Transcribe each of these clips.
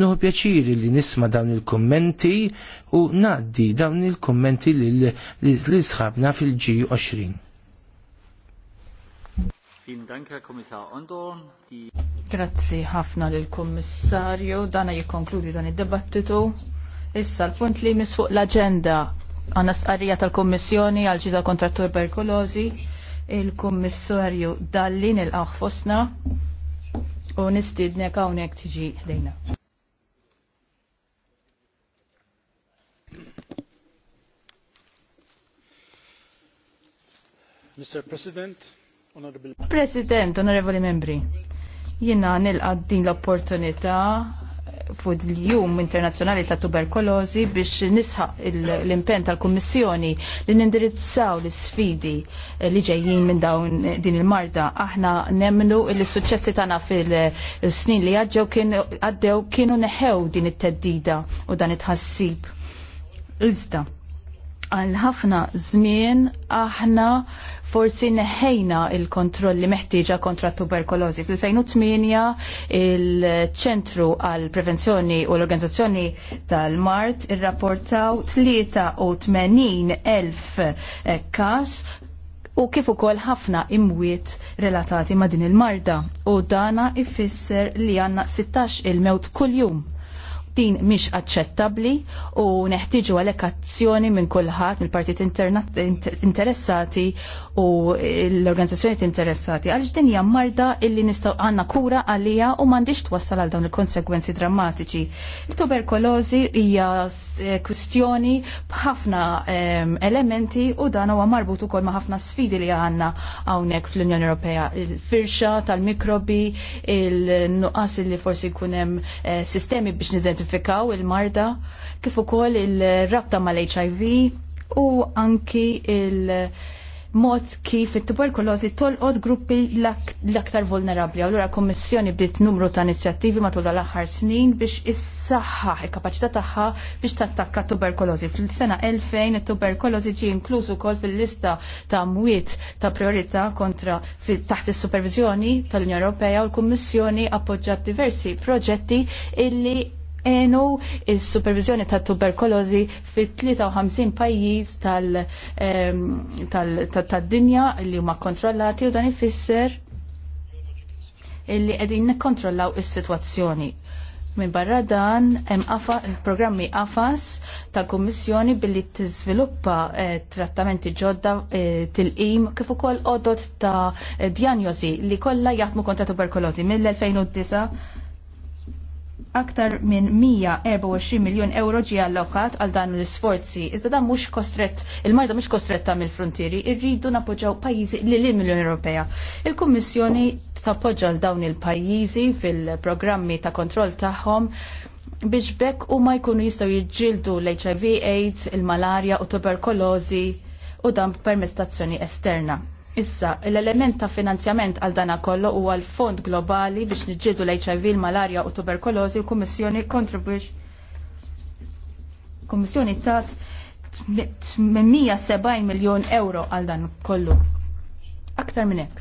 Nuhu pjaċiri li nisma dawn il-kommenti u naddi dawn il-kommenti li sħabna fil-G20. Grazzi ħafna lil kummissarju dana jikkonkludi dan id-dibattitu. Issa l-punt li mis fuq l-agenda għanna stqarrija tal-Kommissjoni għal ġida kontrattur berkolozi il-Kummissarju Dalli il-aħfosna u nistidne hawnhekk tiġi ħdejna. Mr. President, Honorable... President, Onorevoli Membri, jina nilqa din l-opportunità fud l-jum internazjonali ta' tuberkulozi biex nisħaq l-impen tal-Kommissjoni li nindirizzaw l-sfidi li ġejjin minn dawn din il-marda. Aħna nemnu il-successi tagħna fil-snin li għaddew għaddew kienu neħew din it-teddida u dan it-ħassib. Iżda, għal ħafna żmien aħna forsi neħejna il-kontrolli meħtieġa kontra tuberkulożi. Fil-2008 il-ċentru għal prevenzjoni u l-organizzazzjoni tal-Mart irrapportaw 83,000 eh, kas u kif ukoll ħafna imwiet relatati ma' din il-marda u dana ifisser li għanna 16 il-mewt kuljum din mhix aċċettabbli u neħtieġu għalhekk azzjoni minn kulħadd mill-partit interessati u l-organizzazzjoni interessati għaliex din hija marda illi nistgħu għandna kura għalija u m'għandix twassal għal dawn il-konsegwenzi drammatiċi. Il-tuberkulożi hija eh, kwistjoni b'ħafna ehm, elementi u dan huwa marbut ukoll ma' ħafna sfidi li għandna hawnhekk fl-Unjoni Ewropea. Il-firxa tal-mikrobi, il-nuqqas li forsi jkun hemm eh, sistemi biex nident nidentifikaw il-marda kif ukoll il-rabta mal-HIV u anki il- mod kif it tuberkulozi tolqod gruppi l-aktar vulnerabli. Allura l-Kommissjoni bdiet numru ta' inizjattivi matul l-aħħar snin biex issaħħaħ il-kapaċità tagħha biex tattakka tuberkulozi. Fil-sena 2000 it tuberkulozi ġie inkluż ukoll fil-lista ta' mwiet ta' priorità kontra taħt is-supervizjoni tal unjoni Ewropea u l-Kummissjoni appoġġjat diversi proġetti illi enu il-supervizjoni ta' tuberkolozi fit 53 pajjiż tal-dinja li huma kontrollati u dan ifisser illi qegħdin nikkontrollaw is-sitwazzjoni. Min barra dan hemm programmi AFAS tal-Kummissjoni billi tiżviluppa eh, trattamenti ġodda eh, tilqim kif ukoll qodod ta' eh, djanjosi li kollha jaħdmu kontra tuberkolozi mill-2009 aktar minn 124 miljon euro ġie allokat għal dan l-isforzi. Iżda dan mhux kostret, il-marda mhux kostret mill frontieri, irridu nappoġġaw pajjiżi li l unjoni Ewropea. Il-Kummissjoni tappoġġa l dawn il-pajjiżi fil-programmi ta' kontroll tagħhom biex bekk u ma jkunu jistgħu jiġġieldu l-HIV, AIDS, il-malarja u tuberkolozi u dan permezz tazzjoni esterna. Issa, l-element ta' finanzjament għal dana kollu u għal fond globali biex nġidu l-HIV, l-malarja u tuberkulozi u kummissjoni kontribwix. Kummissjoni tat 870 miljon euro għal dan kollu. Aktar minn hekk.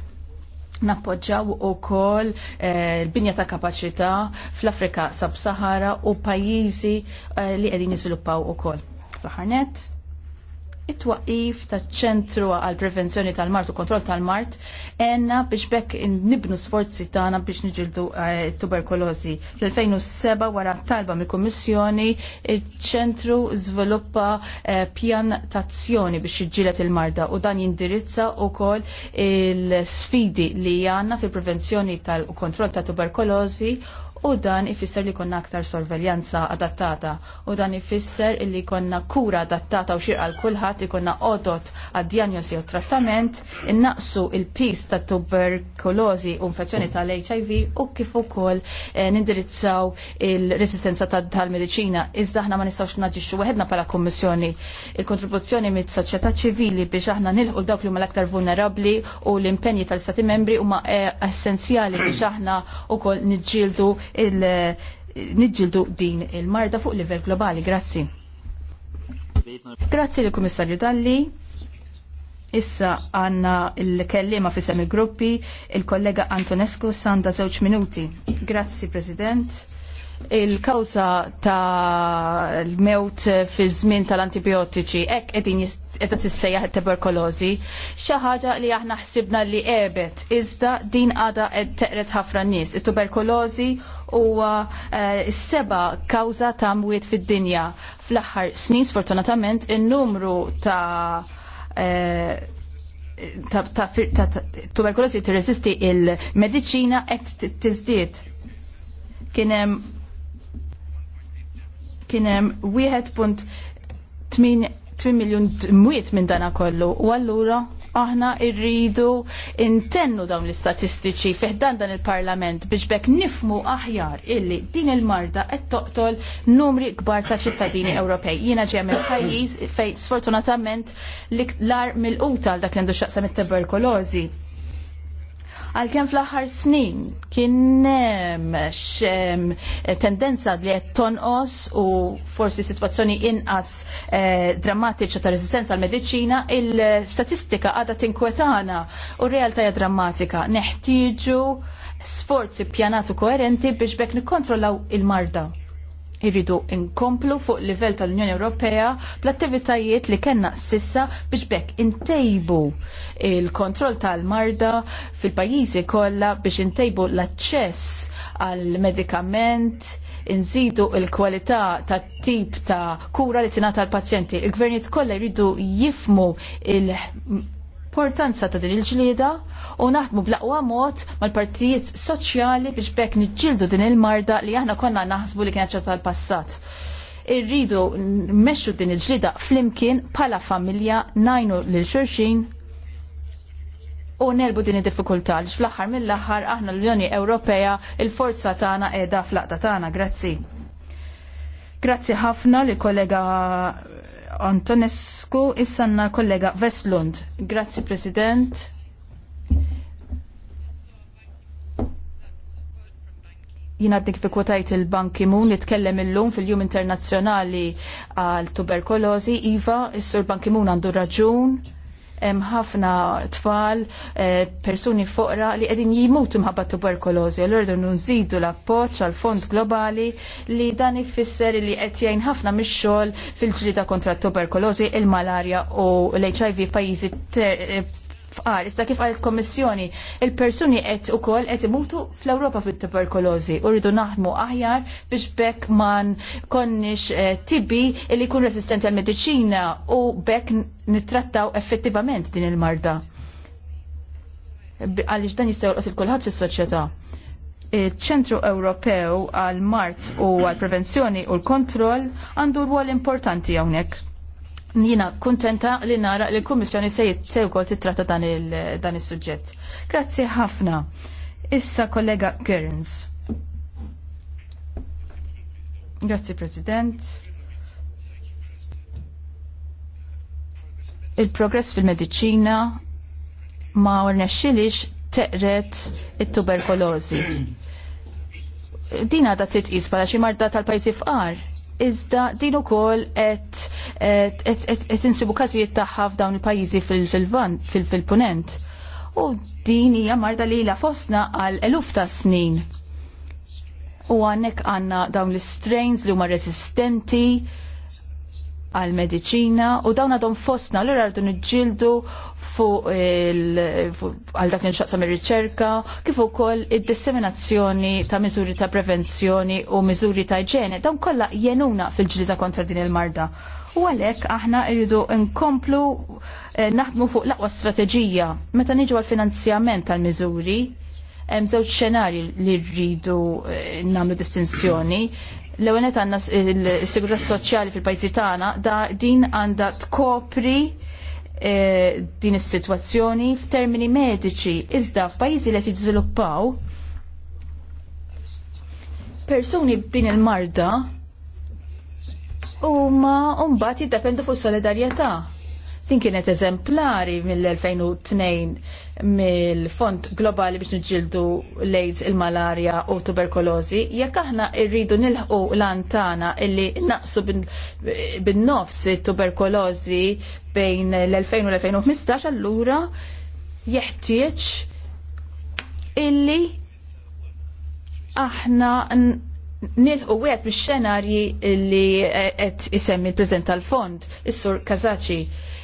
Nappoġġaw u koll eh, l-binja ta' kapacità fl-Afrika sab-Sahara u pajjiżi eh, li qegħdin jiżviluppaw ukoll. Fl-ħarnet, it-twaqif taċ ċentru għal prevenzjoni tal-mart u kontroll tal-mart enna biex bekk nibnu sforzi tagħna biex niġildu eh, tuberkulożi. Fl-2007 wara talba mill-Kummissjoni iċ-ċentru żviluppa eh, pjan tazzjoni biex jiġġieled il-marda u dan jindirizza wkoll il-sfidi li għandna fil-prevenzjoni tal-kontroll ta' tuberkulosi u dan ifisser li konna aktar sorveljanza adattata u dan ifisser li konna kura adattata u xirqa l-kulħat konna odot għad-diagnosi u trattament innaqsu il-pis ta' tuberkulozi u infezzjoni tal-HIV u kif ukoll eh, nindirizzaw il-resistenza tal-medicina iżda aħna ma nistgħux naġixxu weħedna bħala kummissjoni il-kontribuzzjoni mit-soċjetà ċivili biex aħna nilħu dawk li huma l-aktar vulnerabbli u l-impenji tal-Stati membri huma eh, essenzjali biex aħna wkoll niġġieldu niġġildu din il-marda fuq livell globali. Grazzi. Grazzi l-Kummissarju Dalli. Issa għanna il-kellima fi semi il-gruppi, il-kollega Antonescu sanda zewċ minuti. Grazzi, President il-kawza ta' l-mewt fi żmien tal-antibiotiċi hekk qegħdin qed tissejjaħ it-tuberkulożi xi ħaġa li aħna ħsibna li qebet iżda din għada qed teqret ħafna nies. It-tuberkulożi huwa eh, s-seba kawża ta' mwiet fid-dinja. Fl-aħħar snin sfortunatament in-numru ta' eh, ta' tuberkulosi tirreżisti il-medicina qed t kien hemm kienem 1.8 miljon mwiet minn dana kollu u allura aħna irridu intennu dawn l-istatistiċi fiħdan dan il-parlament biex bekk nifmu aħjar illi din il-marda qed toqtol numri kbar ta' ċittadini Ewropej. Jiena ġejja minn pajjiż fejn sfortunatament l-ar mill-quta għal dak li għandu xaqsam it-tuberkulożi Għalkemm fl-aħħar snin kien hemm eh, tendenza li qed tonqos u forsi sitwazzjoni inqas eh, drammatiċa ta' resistenza għall mediċina il-statistika għadha tinkwetana u r-realtà hija drammatika. Neħtieġu sforzi pjanat koerenti biex bekk nikkontrollaw il-marda irridu inkomplu fuq livell tal-Unjoni Ewropea bl-attivitajiet li kellna sissa biex bekk intejbu il-kontroll tal-marda fil-pajjiżi kollha biex intejbu l-aċċess għal medikament inżidu il-kwalità tat tip ta' kura li tingħata l-pazjenti. Il-gvernijiet kollha jridu jifmu il- l-importanza ta' din il-ġlieda u naħdmu blaqwa mod mal-partijiet soċjali biex bekk niġġildu din il-marda li aħna konna naħsbu li kienet ċerta tal-passat. Irridu meċu din il-ġlieda flimkien bħala familja najnu lil xurxin u nelbu din id-diffikultà li fl-aħħar mill-aħħar aħna l-Unjoni Ewropea il-forza tagħna qiegħda fl-aqda tagħna. Grazzi. Grazzi ħafna li kollega Antonescu, issanna kollega Veslund. Grazzi, President. jina għaddik fi kwotajt il bank Ki-moon li tkellem il-lum fil-Jum Internazzjonali għal tuberkolozi Iva, is-Sur Ban moon għandu raġun hemm ħafna tfal, eh, persuni foqra li qegħdin jimutu mħabba tuberkulożi. l rridu nżidu l-appoġġ għal fond globali li dan ifisser li qed jgħin ħafna mix-xogħol fil-ġlida kontra t tuberkulożi, il-malarja u l-HIV pajjiżi fqar. Issa kif għalet kommissjoni, il-persuni qed ukoll qed imutu fl-Ewropa fit-tuberkulożi u rridu naħdmu aħjar biex bekk man konniex eh, tibbi li jkun resistenti għal mediċina u bekk nittrattaw effettivament din il-marda. Għaliex dan jista' jolqos il-kulħadd fis-soċjetà ċentru Ewropew għal mart u għal prevenzjoni u l-kontroll għandu rwol importanti hawnhekk. Nina, kontenta li nara li l-Kummissjoni se jittegħu titratta dan il-suġġett. Grazzi ħafna. Issa kollega Gerns. Grazzi President. Il-progress fil-medicina ma rnexxilix teqret it-tuberkulożi. Din għadha titqis bħala xi marda tal-pajjiżi fqar iżda din ukoll qed insibu każijiet tagħha f'dawn il-pajjiżi fil punent U din hija marda li la fostna għal eluf ta' snin. U għannek għanna dawn l-strains li huma resistenti, għal mediċina u dawn għadhom fostna l rardu nġildu fuq għal dak nxaqsam ir-riċerka kif ukoll id-disseminazzjoni ta' miżuri ta' prevenzjoni u miżuri ta' ġene dawn kollha jenuna fil-ġlida kontra din il-marda. U għalhekk aħna rridu nkomplu eh, naħdmu fuq l-aqwa strateġija meta niġu għal finanzjament tal-miżuri hemm żewġ xenarji li rridu eh, nagħmlu distinzjoni l-ewenet għanna s-sigurta soċjali fil-pajzi tagħna da din għandha tkopri eh, din is-sitwazzjoni f'termini mediċi iżda f'pajjiżi li qed persuni b'din il-marda huma mbagħad jiddependu fuq solidarjetà Din kienet eżemplari mill-2002 mill-Fond Globali biex nġildu l-AIDS, il malaria u tuberkulozi. Jekk aħna rridu nilħu l-antana illi naqsu bin-nofs tuberkulozi bejn l-2000 u l-2015, allura jeħtieġ illi aħna nilħu għed biex xenarji li għed eh, isemmi il-President tal-Fond, is sur Kazaċi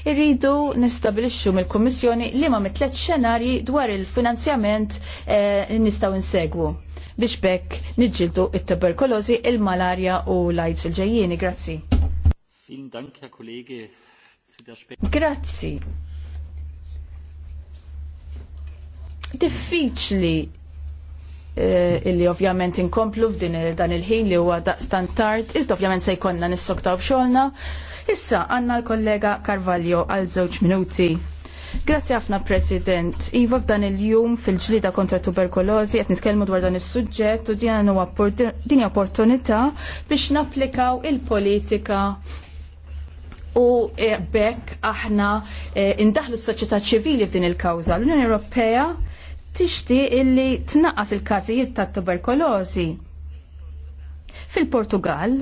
irridu nistabilixxu mill-Kummissjoni li ma mitlet xenarji dwar il-finanzjament eh, li nistgħu insegwu biex bekk niġġildu it-tuberkulożi, il-malarja u l-AIDS il-ġejjieni. Grazzi. Grazzi. Diffiċli eh, illi ovvjament inkomplu f'din dan il-ħin li huwa daqstant tard, iżda ovvjament se jkollna nissoktaw f'xogħolna. Issa għanna l-kollega Carvalho għal żewġ minuti. Grazzi ħafna President. Iva f'dan il-jum fil-ġlida kontra tuberkulozi qed nitkellmu dwar dan is-suġġett u din din opportunità biex napplikaw il-politika u e, bekk aħna e, indaħlu s-soċjetà ċivili f'din il-kawża. L-Unjoni Ewropea tixti illi tnaqqas il-każijiet ta' tuberkulozi. Fil-Portugal,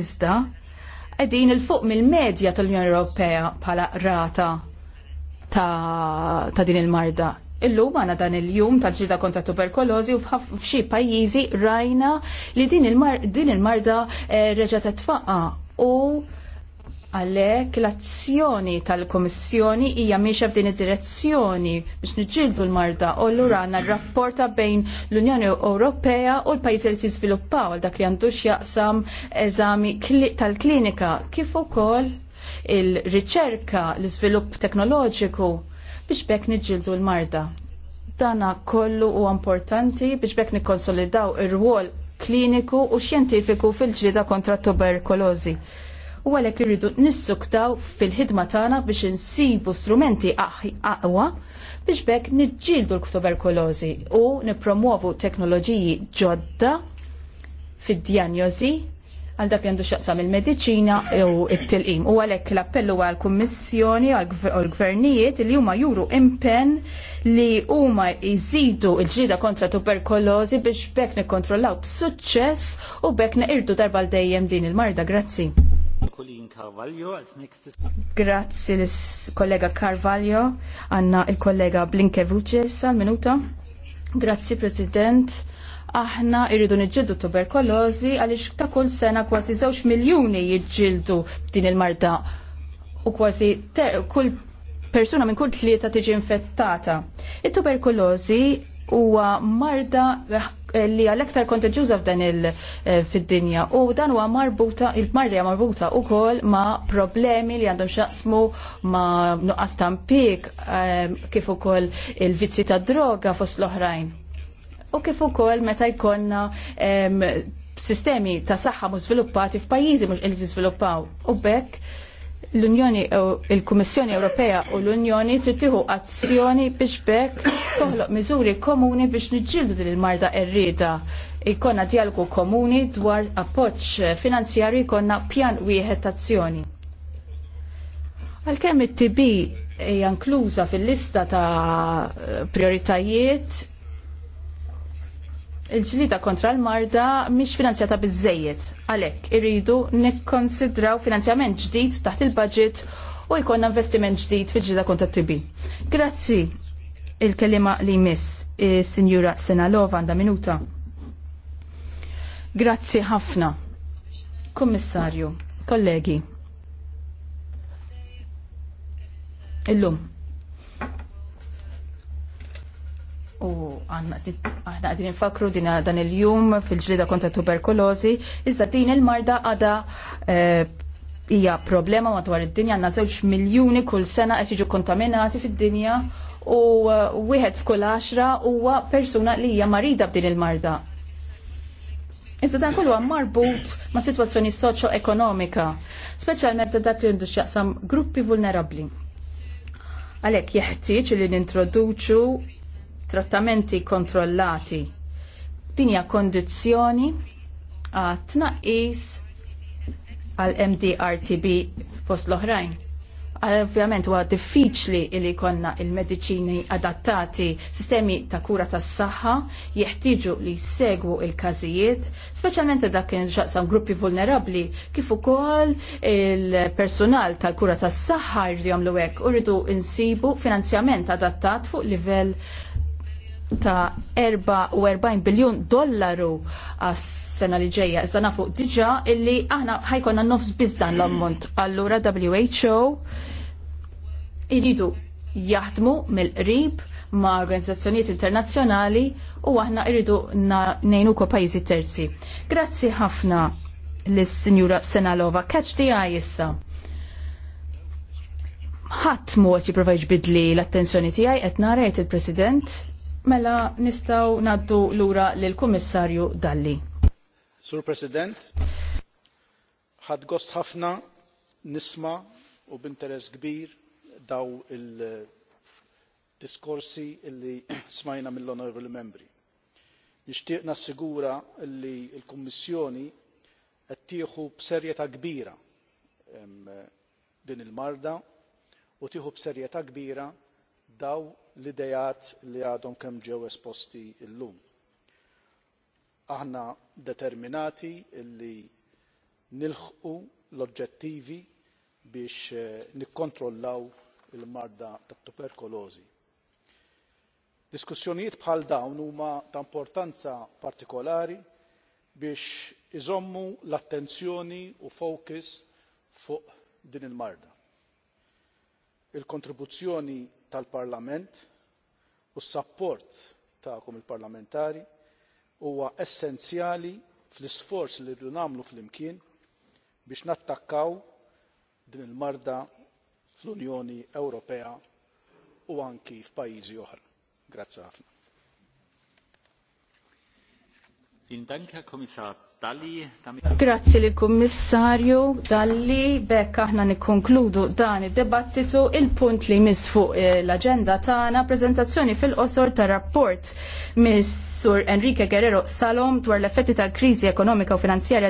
iżda, qegħdin il fuq mill-medja tal-Unjoni Ewropea bħala rata ta', din il-marda. Illum għana dan il-jum tal-ġilda kontra tuberkolozi u f'xi pajjiżi rajna li din il-marda eh, reġa' tfaqa' u Għalhekk l-azzjoni tal-Komissjoni hija miexa f'din id-direzzjoni biex niġġieldu l-marda u l għandna r-rapporta bejn l-Unjoni Ewropea u l-pajjiżi li tiżviluppaw għal dak li għandux jaqsam eżami tal-klinika kif ukoll il-riċerka, l-iżvilupp teknoloġiku biex bekk niġġieldu l-marda. Dana kollu huwa importanti biex bekk nikkonsolidaw ir-rwol kliniku u xjentifiku fil-ġrida kontra tuberkulożi u għalhekk irridu nissuktaw fil-ħidma tagħna biex insibu strumenti aqwa biex bekk niġġieldu l-tuberkulożi u nippromuovu teknoloġiji ġodda fid-djanjosi għal dak li għandu xaqsam il-medicina u it-tilqim. U għalek l-appellu għal kummissjoni għal gvernijiet li huma juru impen li huma jżidu il-ġrida kontra tuberkulozi biex bekk nikkontrollaw b'suċċess u bekk neqirdu darba l-dejjem din il-marda. Grazzi. Grazzi l-kollega Carvalho, għanna il-kollega Blinke Blinkevuċes għal-minuta. Grazzi President aħna irridu niġġieldu tuberkulożi għaliex ta' kull sena kważi żewġ miljuni jiġġieldu din il-marda u kważi kull persuna minn kull tlieta tiġi infettata. it tuberkulożi huwa marda li għal-ektar kontaġuża f'dan il-fid-dinja eh, u dan huwa marbuta, il-marja marbuta u kol ma' problemi li għandhom xaqsmu ma' nuqqas tampik eh, kif ukoll il-vizzi ta' droga fost l-oħrajn. U kif ukoll meta jkollna eh, sistemi ta' saħħa mu sviluppati f'pajjiżi mhux li sviluppaw U bekk l-Unjoni u l kummissjoni Ewropea u l-Unjoni trid tieħu azzjoni biex bekk toħloq miżuri komuni biex niġġieldu din il-marda errida. Ikonna dialogu komuni dwar appoġġ finanzjarju jkollna pjan wieħed azzjoni. Għalkemm it-TB hija inkluża fil-lista ta' prioritajiet il-ġlida kontra l-marda mhix finanzjata biżejjed. Għalhekk irridu nikkonsidraw finanzjament ġdid taħt il-budget u jkollna investiment ġdid fil-ġlida kontra t-tibi. Grazzi il-kelima li miss eh, sinjura Senalova għandha minuta. Grazzi ħafna. Kommissarju, kollegi. Illum, Aħna għadin nfakru din dan il-jum fil ġrida kontra tuberkulozi, iżda din il-marda għada eh, hija problema matwar id-dinja għandna żewġ miljuni kull sena qed jiġu kontaminati fid-dinja u eh, wieħed f'kull għaxra huwa persuna li hija marida b'din il-marda. Iżda dan kollu marbut ma' situazzjoni soċo-ekonomika, speċjalment dak li għandu jaqsam gruppi vulnerabbli. Għalhekk jeħtieġ li nintroduċu trattamenti kontrollati. Din hija kondizzjoni għat tnaqqis għal MDRTB fost l-oħrajn. Ovvjament huwa diffiċli li konna il-mediċini adattati, sistemi ta' kura tas saħħa jeħtieġu li jsegwu il-każijiet, speċjalment dak kien ġaqsam gruppi vulnerabbli kif ukoll il-personal tal-kura tas saħħa jridu jagħmlu hekk u rridu insibu finanzjament adattat fuq livell ta' 44 biljun dollaru għas sena li ġejja. Iżda nafu diġa illi aħna ħajkonna nofs bizdan l-ammont. Allura WHO iridu jaħdmu mill-qrib ma' organizzazzjonijiet internazzjonali u aħna iridu nejnu ko pajjiżi terzi. Grazzi ħafna lis-Sinjura Senalova. Catch the eye issa ħadd mod jipprova jbidli l-attenzjoni tiegħi qed nara jgħid il-President Mela nistaw naddu lura lil kummissarju Dalli. Sur President, ħad gost ħafna nisma u b'interess kbir daw il-diskorsi illi smajna mill-Honorable Membri. Nixtieq nassigura li l-Kummissjoni qed tieħu b'serjetà kbira din il-marda u tieħu b'serjetà kbira daw l-idejat li għadhom kemm ġew esposti llum. Aħna determinati li nilħqu l-oġġettivi biex eh, nikkontrollaw il-marda tat tuberkolozi. Diskussjonijiet bħal dawn huma ta' importanza partikolari biex iżommu l-attenzjoni u focus fuq din il-marda. Il-kontribuzzjoni tal-Parlament u s-sapport tagħkom il-parlamentari huwa essenzjali fl-isforz li rridu nagħmlu flimkien biex nattakkaw din il-marda fl-Unjoni Ewropea u anki f'pajjiżi oħra. Grazzi ħafna. Grazzi li kummissarju dalli bekk aħna nikkonkludu dan id-debattitu il-punt li mis fuq eh, l-agenda tagħna preżentazzjoni fil-qosor ta' rapport mis Sur Enrique Guerrero Salom dwar l-effetti tal-kriżi ekonomika u finanzjarja